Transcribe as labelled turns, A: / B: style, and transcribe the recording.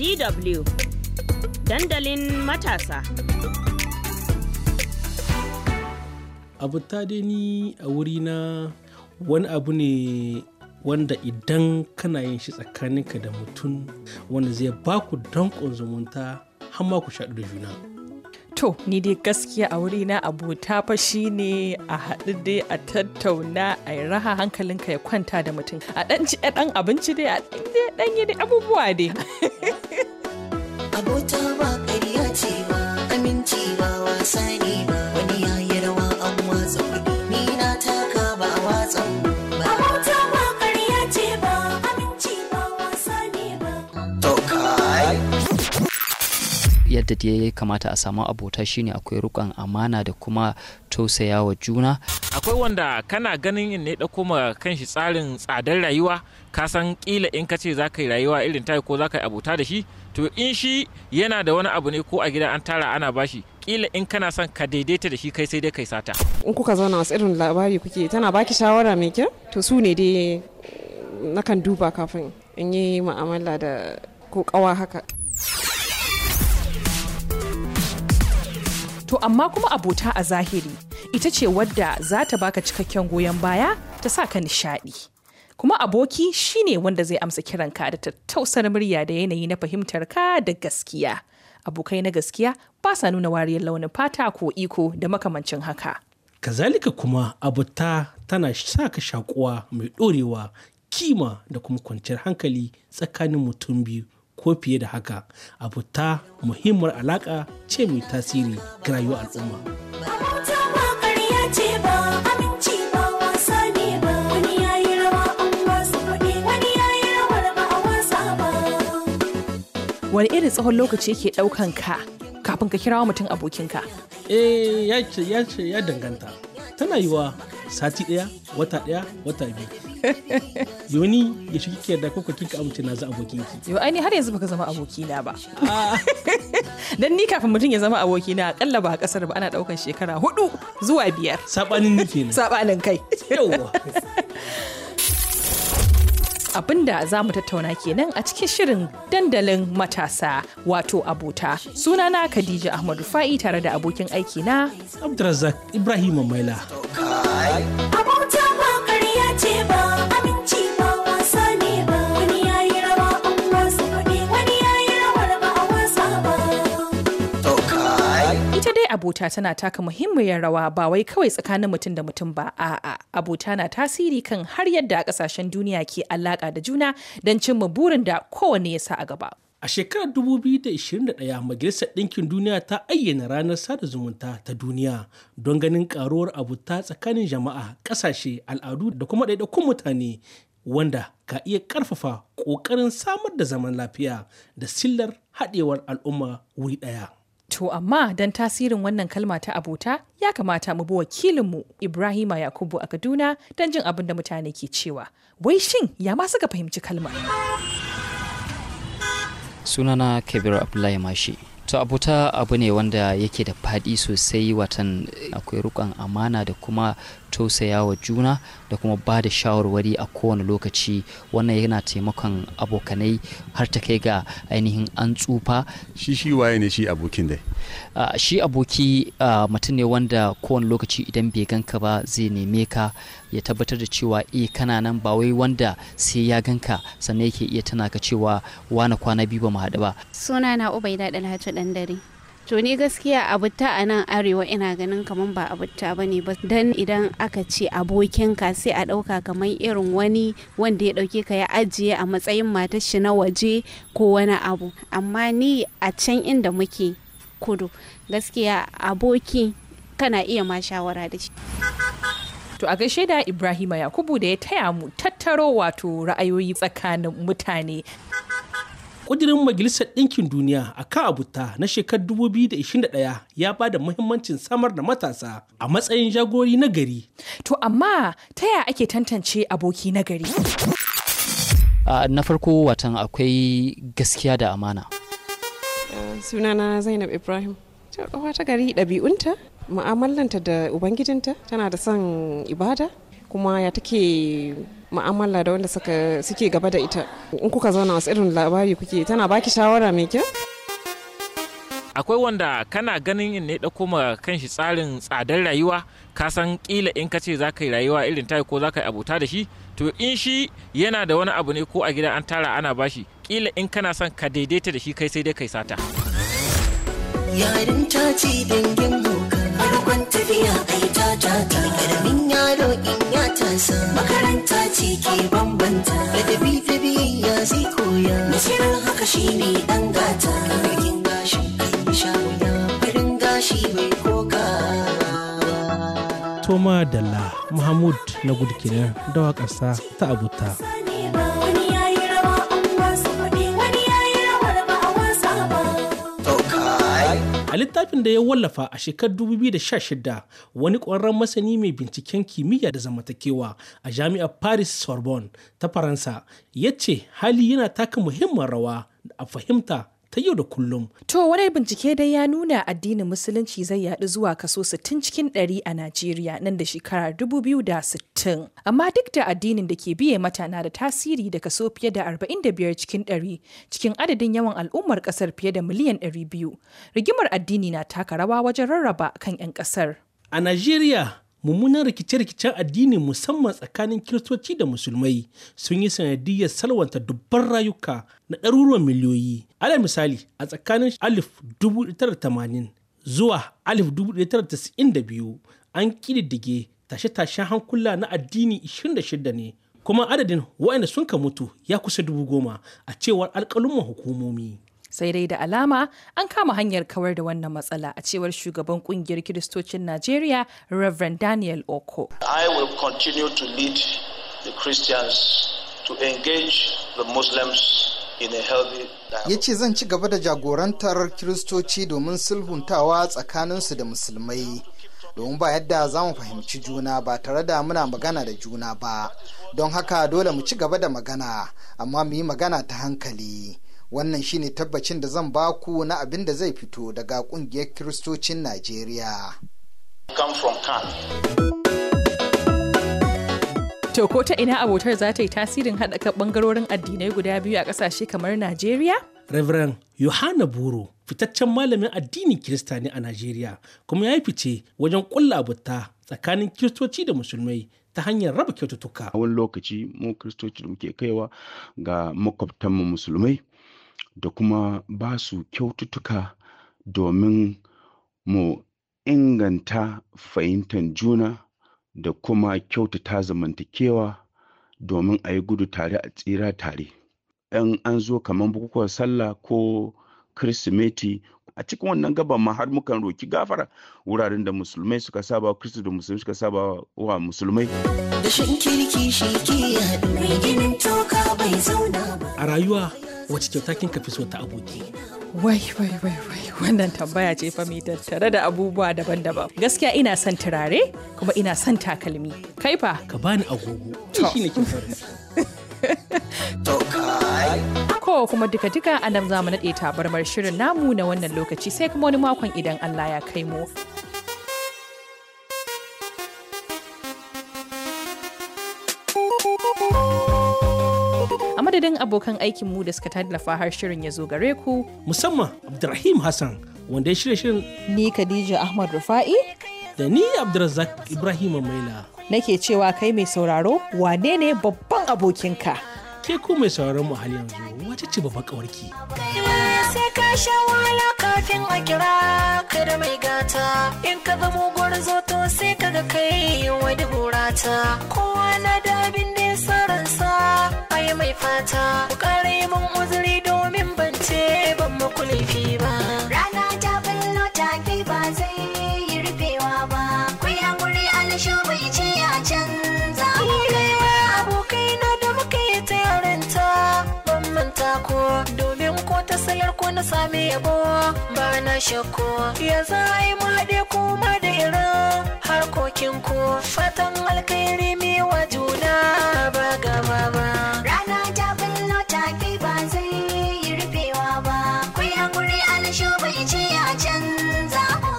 A: DW dandalin matasa.
B: Abu ta ni a wurina wani abu ne wanda idan kana yin shi tsakaninka da mutum wanda zai baku danƙon zumunta har ma ku shaɗu da juna.
A: To, ni dai gaskiya a wuri na abota fa shi ne a haɗu dai a tattauna a yi raha hankalinka ya kwanta da mutum. A ɗan ci ɗan abinci dai a ɗan yi dai abubuwa dai.
C: I yadda da ya kamata a samu abota shine akwai rukan amana da kuma tausaya wa juna
B: akwai wanda kana ganin in ne da kuma kanshi tsarin tsadar rayuwa ka san kila in ka ce za ka yi rayuwa irin tayi ko za ka yi abota da shi to in shi yana da wani abu ne ko a gida an tara ana bashi kila in kana son ka daidaita da shi kai sai dai kai sata
A: in kuka zauna wasu irin labari kuke tana baki shawara mai kyau to su ne dai nakan duba kafin in yi mu'amala da ko kawa haka To amma kuma abota a zahiri ita ce wadda za ta baka cikakken goyon baya ta sa ka nishaɗi. Kuma aboki shine wanda zai amsa kiranka da tattausar murya da yanayi na fahimtar ka da gaskiya. Abokai na gaskiya ba sa nuna wariyar launin fata ko iko da makamancin haka.
B: Kazalika kuma abota tana sa ka shakuwa mai ɗorewa kima da kuma kwanciyar hankali tsakanin mutum biyu ko fiye da haka abu ta muhimmiyar alaƙa ce mai tasiri ga rayuwar al'umma.
A: wani irin tsawon lokaci yake ɗaukan ka kafin ka kirawa mutum abokinka?
B: eh ya ce ya danganta tana yiwa sati ɗaya wata ɗaya wata biyu yoni ya shi kike da kuka kika amince na za abokin ki
A: yo ai har yanzu baka zama aboki na ba ah. dan ni kafin mutum ya zama aboki na akalla ba a kasar ba ana daukan shekara hudu zuwa biyar sabanin nake ne sabanin kai abin da za mu tattauna kenan a cikin shirin dandalin matasa wato abota sunana khadija ahmadu fa'i tare da abokin aiki na
B: abdulrazak ibrahim maila
A: abota tana taka muhimmiyar rawa ba wai kawai tsakanin mutum da mutum ba a'a abota na tasiri kan har yadda a kasashen duniya ke alaƙa da juna don cimma burin da kowanne ya sa a gaba
B: A shekarar 2021 Majalisar Ɗinkin Duniya ta ayyana ranar sada zumunta ta duniya don ganin ƙaruwar ta tsakanin jama'a, ƙasashe, al'adu da kuma ɗaiɗaikun mutane wanda ka iya ƙarfafa ƙoƙarin samar da zaman lafiya da sillar haɗewar al'umma wuri ɗaya. To amma don tasirin wannan kalma
A: ta abota ya kamata mu bi mu Ibrahima Yakubu a Kaduna don jin abin da mutane ke cewa. Wai shin ya ma suka fahimci kalmar?
C: sunana kabir abdullahi mashi to ta abu ne wanda yake da fadi sosai watan akwai rukan amana da kuma tausayawa juna da kuma ba da shawarwari a kowane lokaci wannan yana taimakon abokanai har ta kai ga ainihin an tsufa shi shi waye ne shi abokin dai shi aboki mutum ne wanda kowane lokaci idan bai ganka ba zai neme ka ya tabbatar da cewa e kana nan ba wai wanda sai ya ganka sannan yake iya tana ka cewa wani kwana biyu ba mu haɗu ba
A: suna na ubaida dalhatu dan dare to ni gaskiya abuta a nan arewa ina ganin kamar ba abuta ba ne ba dan idan aka ce abokinka sai a ɗauka kamar irin wani wanda ya ɗauke ka ya ajiye a matsayin matar shi na waje ko wani abu amma ni a can inda muke kudu gaskiya aboki kana iya ma shawara da shi To a gaishe da Ibrahima Yakubu da ya taya mu tattaro wato ra'ayoyi tsakanin mutane.
B: ƙudirin majalisar ɗinkin duniya a kan abuta na shekarar 2021 ya ba da muhimmancin samar da matasa a matsayin jagori na gari. To amma ta ya ake
A: tantance aboki na gari?
C: Na farko watan akwai gaskiya da amana.
A: Eh, sunana Zainab Ibrahim. Ta ta gari ɗabi'unta, mu'amalanta da Ubangijinta, tana da son ibada, kuma ya take mu'amala da wanda suke gaba da ita in kuka zauna wasu irin labari kuke tana baki shawara mai kyau
B: akwai wanda kana ganin in ne ɗauko ma shi tsarin tsadar rayuwa ka san kila in ka ce za ka yi rayuwa irin tayi ko za ka yi abota da shi to in shi yana da wani abu ne ko a gida an tara ana bashi kila in kana son ka daidaita da shi kai sai dai kai sata
A: Yarinta ta ce dangin farkon biya ai ta ta ta karamin yaro in ya tasa makaranta ce ke bambanta ladabi da biyayya zai koya nasarar haka shine dan gata bikin gashin kai sha wuya farin gashi bai koka
B: Toma Dalla Muhammad na gudu kenan da waƙarsa ta abuta. A littafin da ya wallafa a shekarar 2016 wani ƙwararren masani mai binciken kimiyya da zamantakewa a jami'ar Paris Sorbonne ta Faransa ya ce hali yana taka muhimmin rawa a fahimta ta yau da kullum.
A: To wani bincike dai ya nuna addinin musulunci zai yaɗu zuwa kaso 60 cikin 100 a Najeriya nan da shekarar 2060. Amma duk da addinin da ke biye mata na da tasiri da kaso fiye da 45 cikin 100 cikin adadin yawan al'ummar ƙasar fiye da miliyan 200. Rigimar addini na taka rawa wajen rarraba kan 'yan ƙasar.
B: A Najeriya mummunan rikice-rikicen addini musamman tsakanin kiristoci da musulmai sun yi sanadiyar salwanta dubban rayuka na ɗaruruwan miliyoyi ala misali a tsakanin alif 1980 zuwa alif 1992 an ƙididdige tashe-tashen hankula na addini 26 ne kuma adadin waɗanda sun ka mutu ya kusa dubu goma a cewar alƙalumman hukumomi
A: sai dai da alama an kama hanyar kawar da wannan matsala a cewar shugaban kungiyar kiristocin najeriya reverend daniel oko
C: i will continue to lead the christians to engage the muslims ya ce
B: zan ci gaba da jagorantar kiristoci domin sulhuntawa tsakaninsu da musulmai domin ba yadda za mu fahimci juna ba tare da muna magana da juna ba don haka dole mu ci gaba da magana amma mu yi magana ta hankali wannan shine tabbacin da zan baku na abin da zai fito daga kungiyar kiristocin najeriya
A: Toko ta ina abotar za ta yi tasirin haɗa kan ɓangarorin addinai guda biyu a ƙasashe kamar
B: Najeriya? Reverend Yohana Buru fitaccen malamin addinin Kirista ne a Najeriya kuma ya yi fice wajen ƙulla abuta tsakanin Kiristoci da Musulmai
C: ta hanyar raba kyaututtuka. A wani lokaci mu Kiristoci da muke kaiwa ga makwabtanmu Musulmai da kuma ba su kyaututtuka domin mu inganta fahimtar juna da kuma kyautata zamantakewa domin a yi gudu tare a tsira tare in an zo kamar bukukuwar sallah ko kirsimeti a cikin wannan gaban ma har mukan roki gafara wuraren da musulmai suka saba kristi da musulmai suka saba wa musulmai
B: a rayuwa wacce kyauta kin ka fi so ta aboki
A: wai wai wai wai wannan tambaya ce fa mai tattare da abubuwa daban-daban gaskiya ina son turare kuma ina son takalmi kai fa
B: ka bani agogo shi ne kin
A: Ko kuma duka-duka a nan zamu naɗe tabarmar shirin namu na wannan lokaci sai kuma wani makon idan Allah ya kai mu. Thank you. a madadin abokan aikin mu da suka tallafa har shirin ya zo gare ku
B: musamman Abdulrahim Hassan wanda ya shirya shirin ni Khadija Ahmad Rufa'i da ni Abdulrazak Ibrahim Maila
A: nake cewa kai mai sauraro wane ne babban abokinka ke ku mai sauraron mu
B: hal yanzu wace ce babban kawarki
A: sai ka sha kafin a kira ka da mai gata in ka zamo gwarzo to sai ka ga kai wani burata kowa na da abin da ya sa a yi mai fata ku kare mun uzuri domin ban ce ban maku ba na sami yabo ba na shakku ya za a yi mu kuma da irin harkokin ku fatan
C: alkairi mi wa juna ba gaba ba rana ta bullo tafi ba zai yi rufewa ba ku yi hakuri alsho bai a canza ku